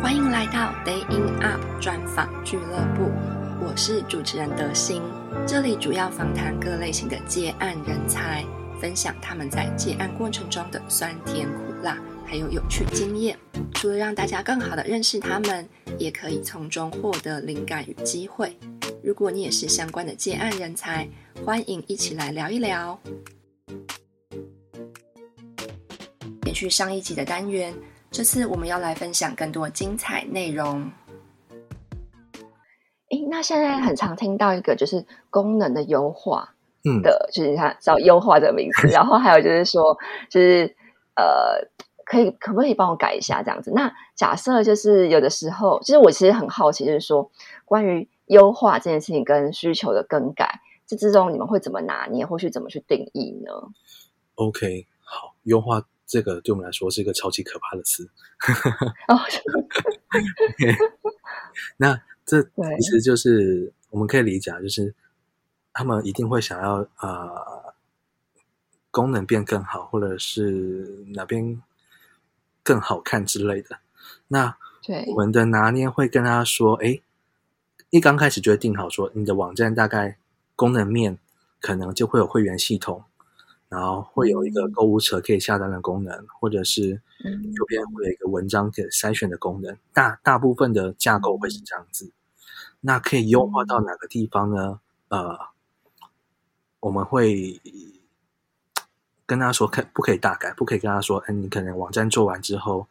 歡迎來到 Day In Up 專訪俱樂部，我是主持人德心。這裡主要訪談各類型的接案人才，分享他們在接案過程中的酸甜苦辣，還有有趣經驗。除了讓大家更好地認識他們，也可以從中獲得靈感與機會。如果你也是相關的接案人才，歡迎一起來聊一聊。延續上一集的單元。這次我們要來分享更多精彩內容。誒，那現在很常聽到一個就是功能的優化的，嗯，的就是它叫優化的名字。 然後還有就是說，就是呃，可以可不可以幫我改一下這樣子？那假設就是有的時候，其實我其實很好奇，就是說關於優化這件事情跟需求的更改，這之中你們會怎麼拿捏，或是怎麼去定義呢？OK，好，優化。這個對我們來說是一個超級可怕的詞。哦，那這其實就是我們可以理解，就是他們一定會想要呃功能變更好，或者是哪邊更好看之類的。那我們的拿捏會跟他說，誒、欸，一剛開始就會定好，說你的網站大概功能面可能就會有會員系統，然後會有一個購物車可以下單的功能，嗯、或者是圖片會有一個文章可以篩選的功能。大大部分的架構會是這樣子。那可以優化到哪個地方呢？呃，我們會跟他說，可不可以大改？不可以跟他說，嗯、哎，你可能網站做完之後，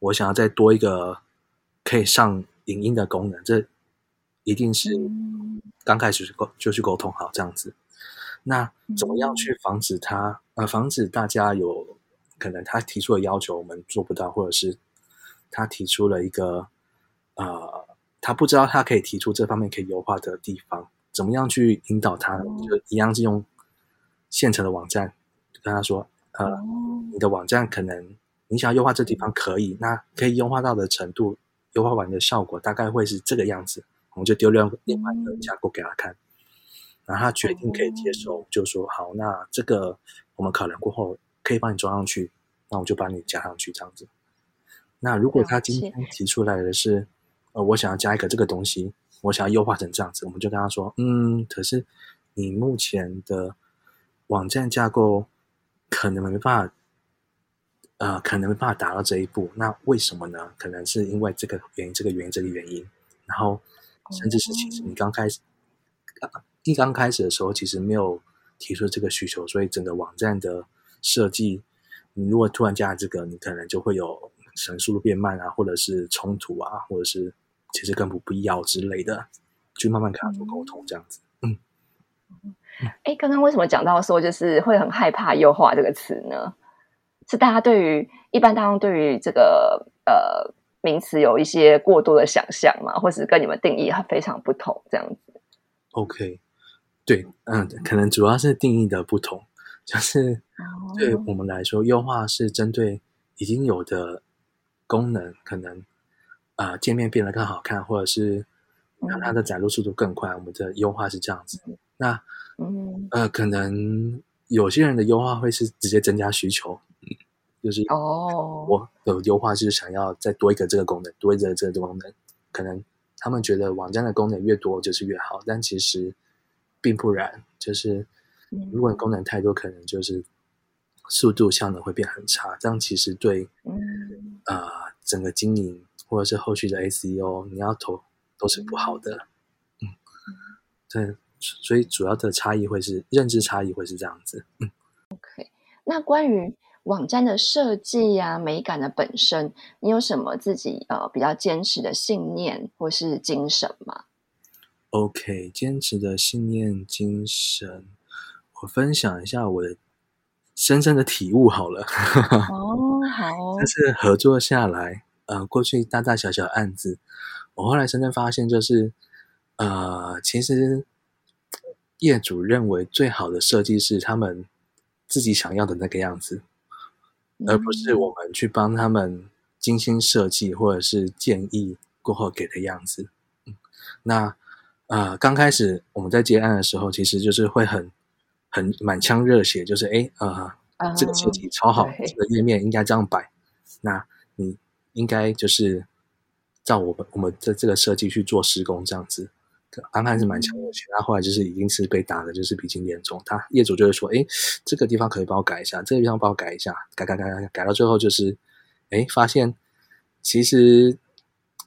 我想要再多一個可以上影音的功能。這一定是剛開始溝就去溝通好這樣子。那怎麼樣去防止他、嗯？呃，防止大家有可能他提出的要求我們做不到，或者是他提出了一個，呃，他不知道他可以提出這方面可以優化的地方，怎麼樣去引導他、嗯？就一樣是用現成的網站就跟他說，呃、嗯，你的網站可能你想要優化這地方可以，那可以優化到的程度、嗯，優化完的效果大概會是這個樣子，我們就丟掉另外一個架構給他看。嗯然後他決定可以接受、嗯，就說好，那這個我們考量過後可以幫你裝上去，那我就把你加上去這樣子。那如果他今天提出來的是，呃，我想要加一個這個東西，我想要優化成這樣子，我們就跟他說，嗯，可是你目前的網站架構可能沒辦法、呃，可能沒辦法達到這一步。那為什麼呢？可能是因為這個原因、這個原因、這個原因，然後甚至是其實你剛開始。嗯啊一剛開始的時候，其實沒有提出這個需求，所以整個網站的設計，你如果突然加這個，你可能就會有成速度變慢啊，或者是衝突啊，或者是其實更不必要之類的，就慢慢跟他做溝通這樣子。嗯，哎、嗯，剛剛為什麼講到說就是會很害怕優化這個詞呢？是大家對於一般大眾對於這個呃名詞有一些過多的想象嘛，或是跟你們定義非常不同這樣子？OK。對，嗯，可能主要是定義的不同，就是對我們來說，優化是針對已經有的功能，可能啊呃，界面變得更好看，或者是讓它的載入速度更快。我們的優化是這樣子。那，嗯，呃，可能有些人的優化會是直接增加需求，就是哦，我的優化是想要再多一個這個功能，多一個這個功能。可能他們覺得網站的功能越多就是越好，但其實，並不然，就是如果你功能太多，嗯、可能就是速度效能會變很差。這樣其實對、嗯，呃，整個經營或者是後續的 SEO，你要投都是不好的嗯。嗯，對，所以主要的差異會是認知差異會是這樣子。嗯，OK，那關於網站的設計呀、啊、美感的本身，你有什麼自己呃比較堅持的信念或是精神嗎？OK，堅持的信念精神，我分享一下我的深深的體悟好了。哦，好，但是合作下來，呃，過去大大小小案子，我後來深深發現，就是呃，其實業主認為最好的設計是他們自己想要的那個樣子，mm. 而不是我們去幫他們精心設計或者是建議過後給的樣子。嗯，那。啊、呃，剛開始我們在接案的時候，其實就是會很很滿腔熱血，就是哎，啊、欸，呃 uh, 這個設計超好，uh, 這個頁面應該這樣擺，uh, 那你應該就是照我們我們的這個設計去做施工這樣子。安排是滿腔熱血，然後後來就是已經是被打的，就是鼻青臉腫。他業主就會說，哎、欸，這個地方可以幫我改一下，這個地方幫我改一下，改改改改改，改到最後就是，哎、欸，發現其實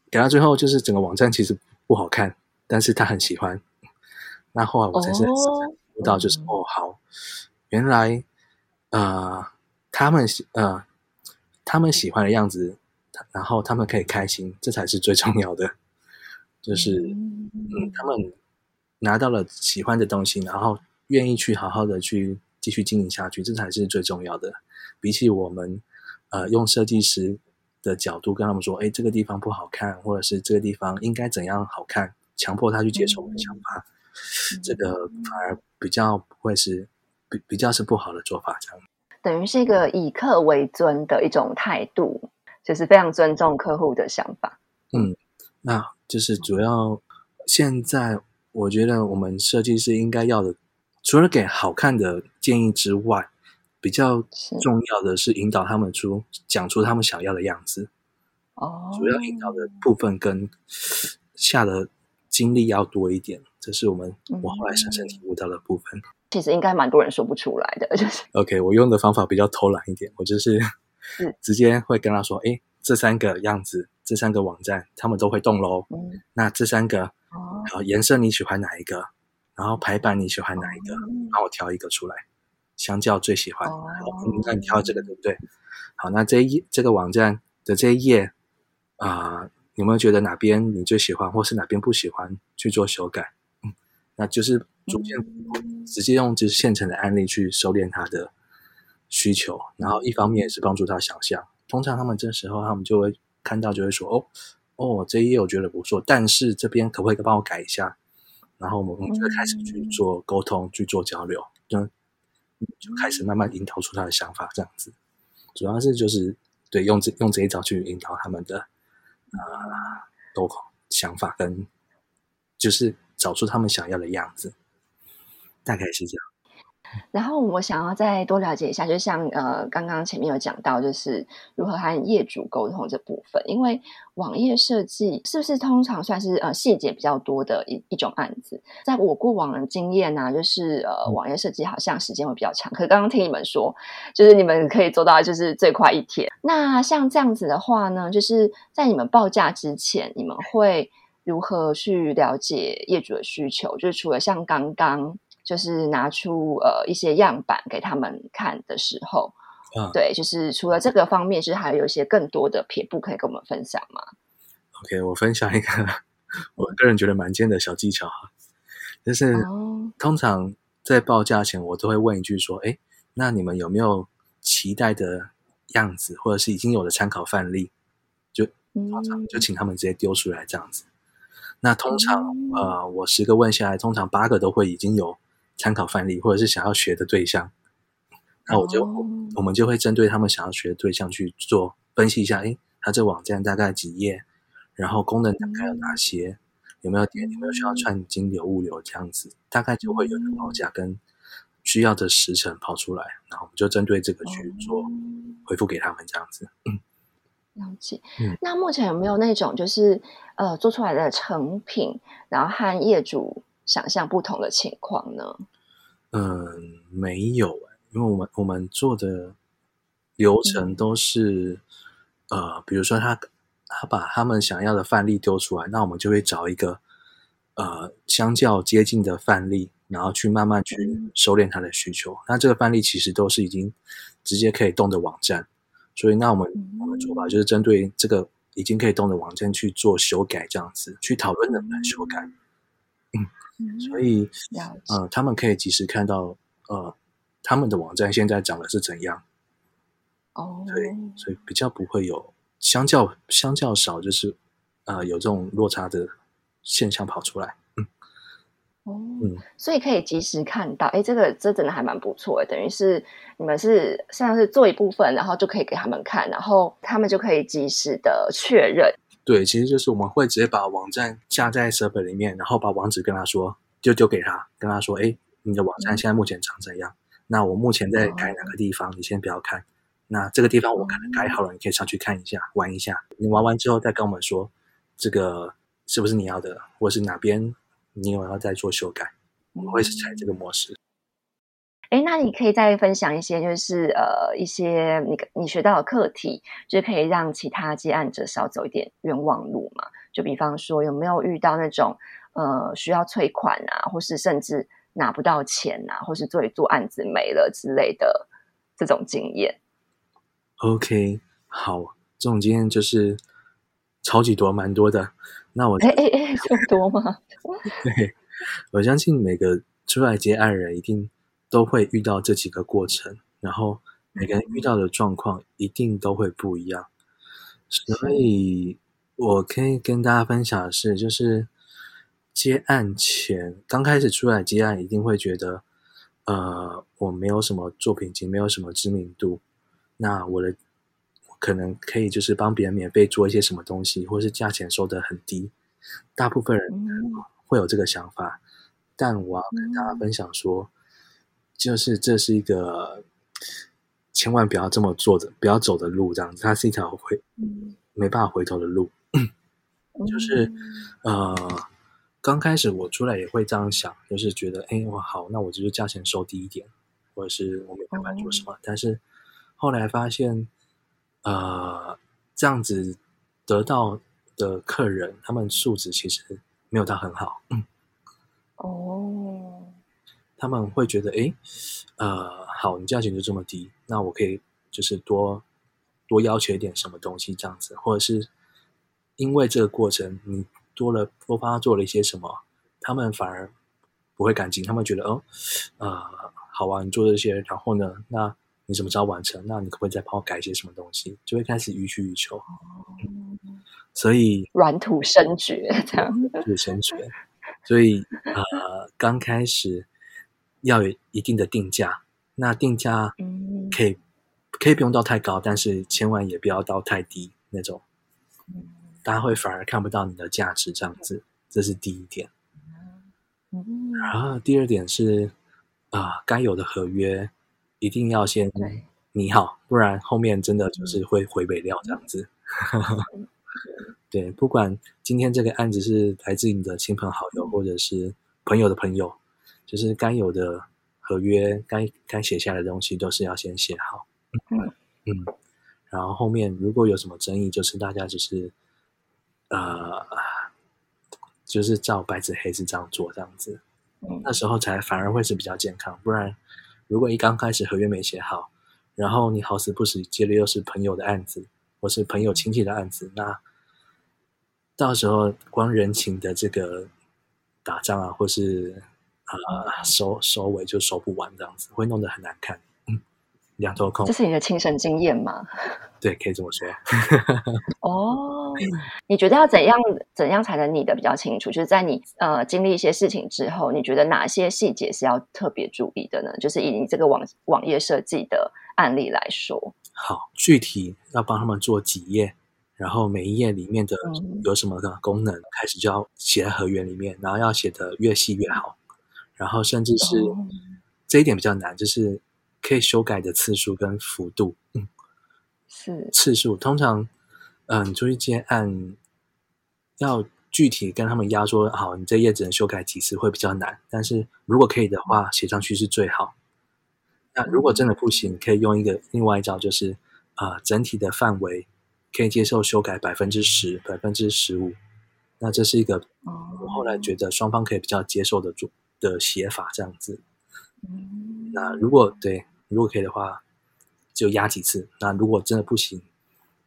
改到最後就是整個網站其實不好看。但是他很喜歡，那後來我才是知道就是哦，哦，好，原來呃，他們呃，他們喜歡的樣子，然後他們可以開心，這才是最重要的。就是嗯，他們拿到了喜歡的東西，然後願意去好好的去繼續經營下去，這才是最重要的。比起我們呃，用設計師的角度跟他們說，哎，這個地方不好看，或者是這個地方應該怎樣好看。強迫他去接受我的想法，嗯，這個反而比較不會是比比較是不好的做法。這樣等於是一個以客為尊的一種態度，就是非常尊重客戶的想法。嗯，那就是主要現在我覺得我們設計師應該要的，除了給好看的建議之外，比較重要的是引導他們出講出他們想要的樣子。哦，主要引導的部分跟下的。精力要多一點，這是我們我後來深深體悟到的部分。其實應該蠻多人說不出來的，就是 OK。我用的方法比較偷懶一點，我就是直接會跟他說：“哎、嗯，這三個樣子，這三個網站，他們都會動嘍、嗯。那這三個、哦、好顏色，你喜歡哪一個？然後排版你喜歡哪一個？幫、嗯、我挑一個出來，嗯、相較最喜歡。嗯嗯、那你挑這個對不對、嗯？好，那這一這個網站的這一頁啊。呃”你有沒有覺得哪邊你最喜歡，或是哪邊不喜歡去做修改？嗯，那就是逐漸直接用就是現成的案例去收斂他的需求，然後一方面也是幫助他想象。通常他們這時候，他們就會看到，就會說：“哦，哦，這一頁我覺得不錯，但是這邊可不可以幫我改一下？”然後我們就會開始去做溝通，去做交流，就、嗯、就開始慢慢引導出他的想法，這樣子。主要是就是對用這用這一招去引導他們的。呃，多想法跟就是找出他們想要的樣子，大概是這樣。然後我想要再多了解一下，就像呃，剛剛前面有講到，就是如何和業主溝通這部分。因為網頁設計是不是通常算是呃細節比較多的一一種案子？在我過往的經驗呢、啊，就是呃，網頁設計好像時間會比較長。可是剛剛聽你們說，就是你們可以做到就是最快一天。那像這樣子的話呢，就是在你們報價之前，你們會如何去了解業主的需求？就是除了像剛剛。就是拿出呃一些樣板給他們看的時候，嗯、啊，對，就是除了這個方面，就是還有一些更多的撇步可以跟我們分享嗎？OK，我分享一個我個人覺得蠻尖的小技巧哈、嗯，就是、哦、通常在報價前，我都會問一句說，哎，那你們有沒有期待的樣子，或者是已經有的參考範例？就、嗯、通常就請他們直接丟出來這樣子。那通常、嗯、呃，我十個問下來，通常八個都會已經有。參考範例，或者是想要學的對象，那我就、oh. 我，我們就會針對他們想要學的對象去做分析一下。誒，他這網站大概幾頁，然後功能展開有哪些、嗯，有沒有點，有沒有需要串金流物流這樣子，大概就會有報價跟需要的時程拋出來，然後我們就針對這個去做、嗯、回復給他們這樣子。了解、嗯。那目前有沒有那種就是呃做出來的成品，然後和業主？想象不同的情況呢？嗯、呃，沒有，因為我們我們做的流程都是、嗯、呃，比如說他他把他們想要的範例丟出來，那我們就會找一個呃，相較接近的範例，然後去慢慢去收斂他的需求、嗯。那這個範例其實都是已經直接可以動的網站，所以那我們、嗯、我們做法，就是針對這個已經可以動的網站去做修改，這樣子去討論能不能修改。嗯嗯，所以，嗯、呃，他們可以及時看到，呃，他們的網站現在長得是怎樣？哦，對，所以比較不會有相較相較少，就是啊、呃，有這種落差的現象跑出來。嗯，哦、嗯所以可以及時看到，哎，這個這真的還蠻不錯的，等於是你們是像是做一部分，然後就可以給他們看，然後他們就可以及時的確認。對，其實就是我們會直接把網站下在 Server 裡面，然後把網址跟他說，就丟，丟給他，跟他說，哎，你的網站現在目前長怎樣？那我目前在改哪個地方？你先不要看，那這個地方我可能改好了，你可以上去看一下，玩一下。你玩完之後再跟我們說，這個是不是你要的，或是哪邊你有要再做修改，我們會是採這個模式。哎，那你可以再分享一些，就是呃，一些你你學到的課題，就可以讓其他接案者少走一點冤枉路嘛。就比方說，有沒有遇到那種呃需要催款啊，或是甚至拿不到錢啊，或是做一做案子沒了之類的這種經驗？OK，好，這種經驗就是超級多，蠻多的。那我哎哎哎，這麼多嗎？ 對，我相信每個出來接案人一定。都會遇到這幾個過程，然後每個人遇到的狀況一定都會不一樣。所以我可以跟大家分享的是，就是接案前剛開始出來接案，一定會覺得，呃，我沒有什麼作品集，沒有什麼知名度，那我的我可能可以就是幫別人免費做一些什麼東西，或是價錢收得很低。大部分人會有這個想法，但我要跟大家分享說，就是這是一個千萬不要這麼做的，不要走的路，這樣子，它是一條會、嗯，沒辦法回頭的路。 就是、嗯、呃，剛開始我出來也會這樣想，就是覺得，哎，我好，那我就是價錢收低一點，或者是我沒辦法做什麼、嗯。但是後來發現，呃，這樣子得到的客人，他們素質其實沒有到很好。嗯、哦。他們會覺得，哎、欸，呃，好，你價錢就這麼低，那我可以就是多多要求一點什麼東西這樣子，或者是因為這個過程你多了多發做了一些什麼，他們反而不會感激，他們覺得，哦，呃，好啊，你做這些，然後呢，那你什麼時候完成？那你可不可以再幫我改一些什麼東西？就會開始予取予求、嗯。所以軟土深掘，這樣子就是，子，土深掘。所以，呃，剛開始。要有一定的定價，那定價可以可以不用到太高，但是千萬也不要到太低那種，大家會反而看不到你的價值這樣子，這是第一點。然後第二點是啊，該有的合約一定要先擬好，不然後面真的就是會回北料這樣子。 對，不管今天這個案子是來自你的親朋好友，或者是朋友的朋友。就是該有的合約、該該寫下來的東西，都是要先寫好。嗯、okay. 嗯，然後後面如果有什麼爭議，就是大家就是呃，就是照白紙黑字這樣做，這樣子，okay. 那時候才反而會是比較健康。不然，如果一剛開始合約沒寫好，然後你好死不死接的又是朋友的案子，或是朋友親戚的案子，那到時候光人情的這個打仗啊，或是呃，收收尾就收不完，這樣子會弄得很難看，嗯，兩頭空。這是你的親身經驗嗎？對，可以這麼說啊。 哦，你覺得要怎樣怎樣才能擬的比較清楚？就是在你呃經歷一些事情之後，你覺得哪些細節是要特別注意的呢？就是以你這個網網頁設計的案例來說，好，具體要幫他們做幾頁，然後每一頁裡面的有什麼的功能，開、嗯、始就要寫在合約裡面，然後要寫的越細越好。然後甚至是這一點比較難、哦，就是可以修改的次數跟幅度，是嗯，是次數通常，嗯、呃，你出去接案，要具體跟他們壓縮好、啊，你這頁只能修改幾次會比較難。但是如果可以的話、嗯，寫上去是最好。那如果真的不行，可以用一個另外一招，就是啊、呃，整體的範圍可以接受修改百分之十、百分之十五，那這是一個我後來覺得雙方可以比較接受的組。的寫法這樣子，那如果對，如果可以的話，就壓幾次。那如果真的不行，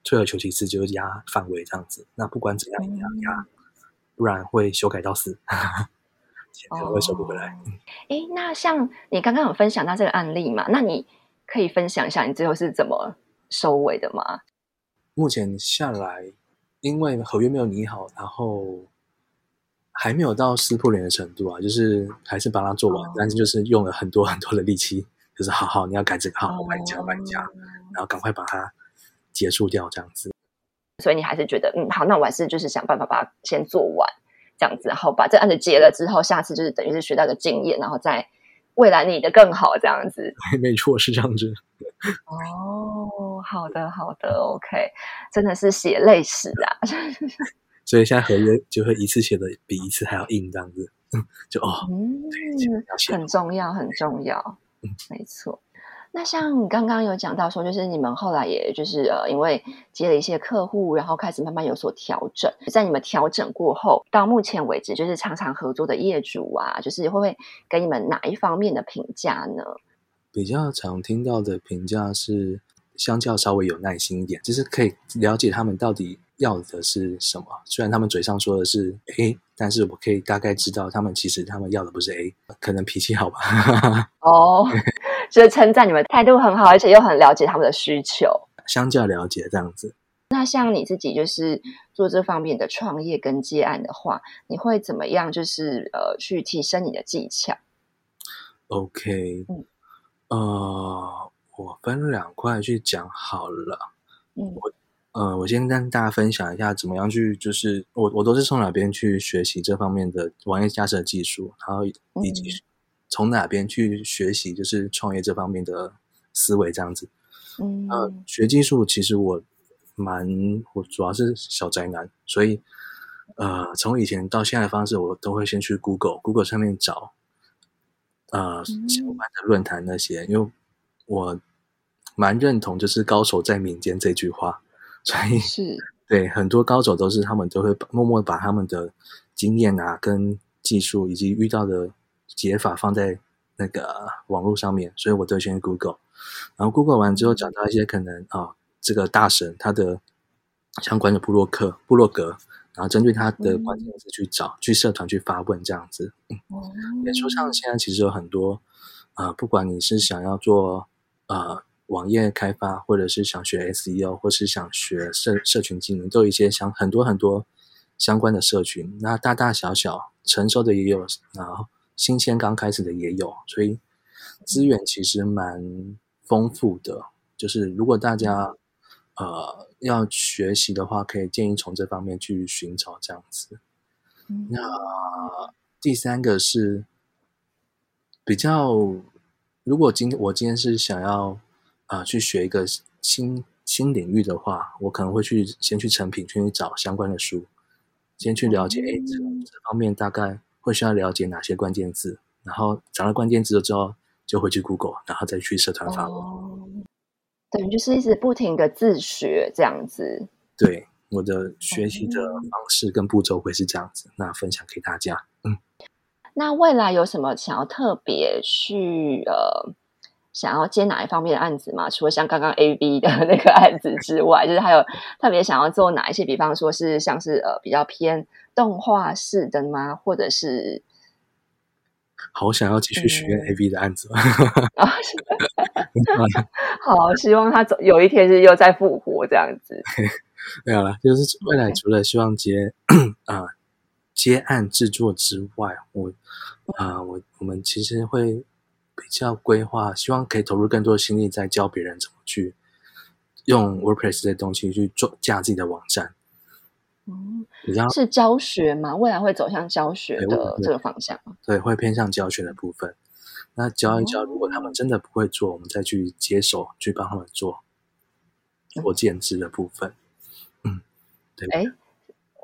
退而求其次，就是壓範圍這樣子。那不管怎樣，你要壓，不然會修改到死，錢 才會收不回來。哎、哦，那像你剛剛有分享到這個案例嘛？那你可以分享一下你最後是怎麼收尾的嗎？目前下來，因為合約沒有擬好，然後。還沒有到撕破臉的程度啊，就是還是把它做完，oh. 但是就是用了很多很多的力氣，就是好好你要改這個，好好買一家、oh. 買家，然後趕快把它結束掉這樣子。所以你還是覺得，嗯，好，那我還是就是想辦法把它先做完這樣子，然後把這案子結了之後，下次就是等於是學到個經驗，然後在未來你的更好這樣子。沒錯，是這樣子。哦、 oh, 好的，好的，OK，真的是血淚史啊。 所以現在合約就會一次寫的比一次還要硬，這樣子就哦，嗯，很重要，很重要，嗯，沒錯。那像剛剛有講到說，就是你們後來也就是呃，因為接了一些客戶，然後開始慢慢有所調整。在你們調整過後，到目前為止，就是常常合作的業主啊，就是會不會給你們哪一方面的評價呢？比較常聽到的評價是，相較稍微有耐心一點，就是可以了解他們到底。要的是什麼？雖然他們嘴上說的是 A，但是我可以大概知道，他們其實他們要的不是 A。可能脾氣好吧。哦，就稱讚你們態度很好，而且又很了解他們的需求，相較了解這樣子。那像你自己就是做這方面的創業跟接案的話，你會怎麼樣？就是呃，去提升你的技巧？OK，嗯，呃，我分兩塊去講好了。嗯。呃，我先跟大家分享一下，怎麼樣去就是我我都是從哪邊去學習這方面的網頁架設技術，然後以及從哪邊去學習就是創業這方面的思維這樣子。嗯、呃，學技術其實我蠻我主要是小宅男，所以呃從以前到現在的方式，我都會先去 Google Google 上面找，呃，相、嗯、關的論壇那些，因為我蠻認同就是“高手在民間”這句話。所以是對，很多高手都是他們都會把默默把他們的經驗啊跟技術以及遇到的解法放在那個網絡上面，所以我都先 Google，然後 Google 完之後，找到一些可能啊這個大神他的相關的部落客、部落格，然後針對他的關鍵詞去找、嗯，去社團去發問這樣子。嗯，演出上現在其實有很多啊、呃，不管你是想要做啊。呃網頁開發，或者是想學 SEO，或是想學社社群經營，都有一些相很多很多相關的社群。那大大小小成熟的也有，然後新鮮剛開始的也有，所以資源其實蠻豐富的。就是如果大家呃要學習的話，可以建議從這方面去尋找這樣子。嗯、那第三個是比較，如果今天我今天是想要。啊，去學一個新新領域的話，我可能會去先去誠品，去，去找相關的書，先去了解，哎、嗯，這這方面大概會需要了解哪些關鍵字，然後找到關鍵字了之後，就會去 Google，然後再去社團發文。等、嗯、於就是一直不停的自學這樣子。對，我的學習的方式跟步驟會是這樣子，嗯、那分享給大家。嗯，那未來有什麼想要特別去呃？想要接哪一方面的案子嗎？除了像剛剛 A V 的那個案子之外，就是還有特別想要做哪一些？比方說是像是呃比較偏動畫式的嗎？或者是好我想要繼續許願 A V 的案子、嗯、 好希望他總有一天是又再復活這樣子。 沒有了，就是未來除了希望接啊、嗯呃、接案製作之外，呃、我啊我我們其實會。比較規劃，希望可以投入更多心力在教別人怎麼去用 WordPress 這些東西去做架自己的網站。哦、嗯，比較是教學嗎？未來會走向教學的這個方向嗎、欸？對，會偏向教學的部分。那教一教，嗯、如果他們真的不會做，我們再去接手去幫他們做我兼職的部分。嗯，嗯對。哎、欸，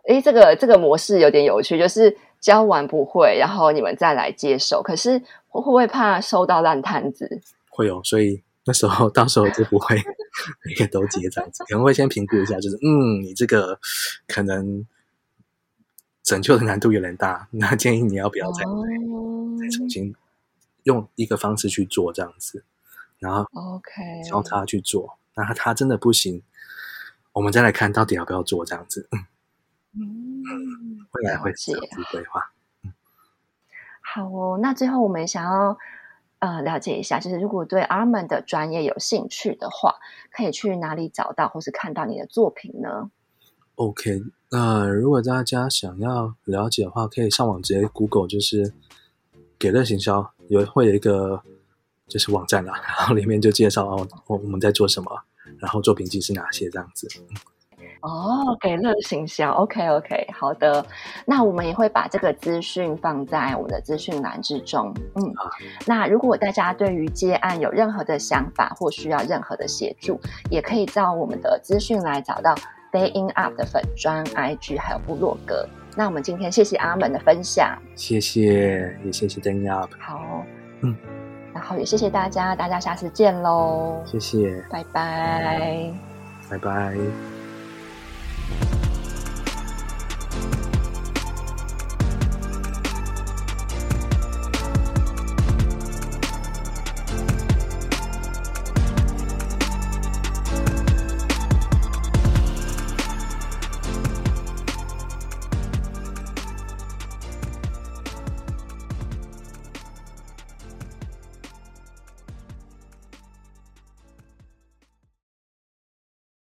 哎、欸，這個這個模式有點有趣，就是。教完不會，然後你們再來接手。可是會不會怕收到爛攤子？會有、哦，所以那時候到時候就不會每個 都接這樣子。可能會先評估一下，就是嗯，你這個可能拯救的難度有點大，那建議你要不要再、oh. 再重新用一個方式去做這樣子，然後 OK，然後他去做。那他,他真的不行，我們再來看到底要不要做這樣子。哦、嗯，未來會做規劃。嗯，好哦。那最後我們想要、呃、了解一下，就是如果對 Armand 的專業有興趣的話，可以去哪裡找到或是看到你的作品呢？OK，那、呃、如果大家想要了解的話，可以上網直接 Google，就是給樂行銷有會有一個就是網站啦、啊，然後裡面就介紹哦、啊、我我們在做什麼，然後作品集是哪些這樣子。哦、oh, okay，給樂行銷，OK OK，好的，那我們也會把這個資訊放在我們的資訊欄之中。嗯好，那如果大家對於接案有任何的想法或需要任何的協助，也可以到我們的資訊來找到 DayinUP 的粉專 IG，還有部落格。那我們今天謝謝阿門的分享，謝謝也謝謝 DayinUP，好，嗯，然後也謝謝大家，大家下次見嘍，謝謝，拜拜，嗯、拜拜。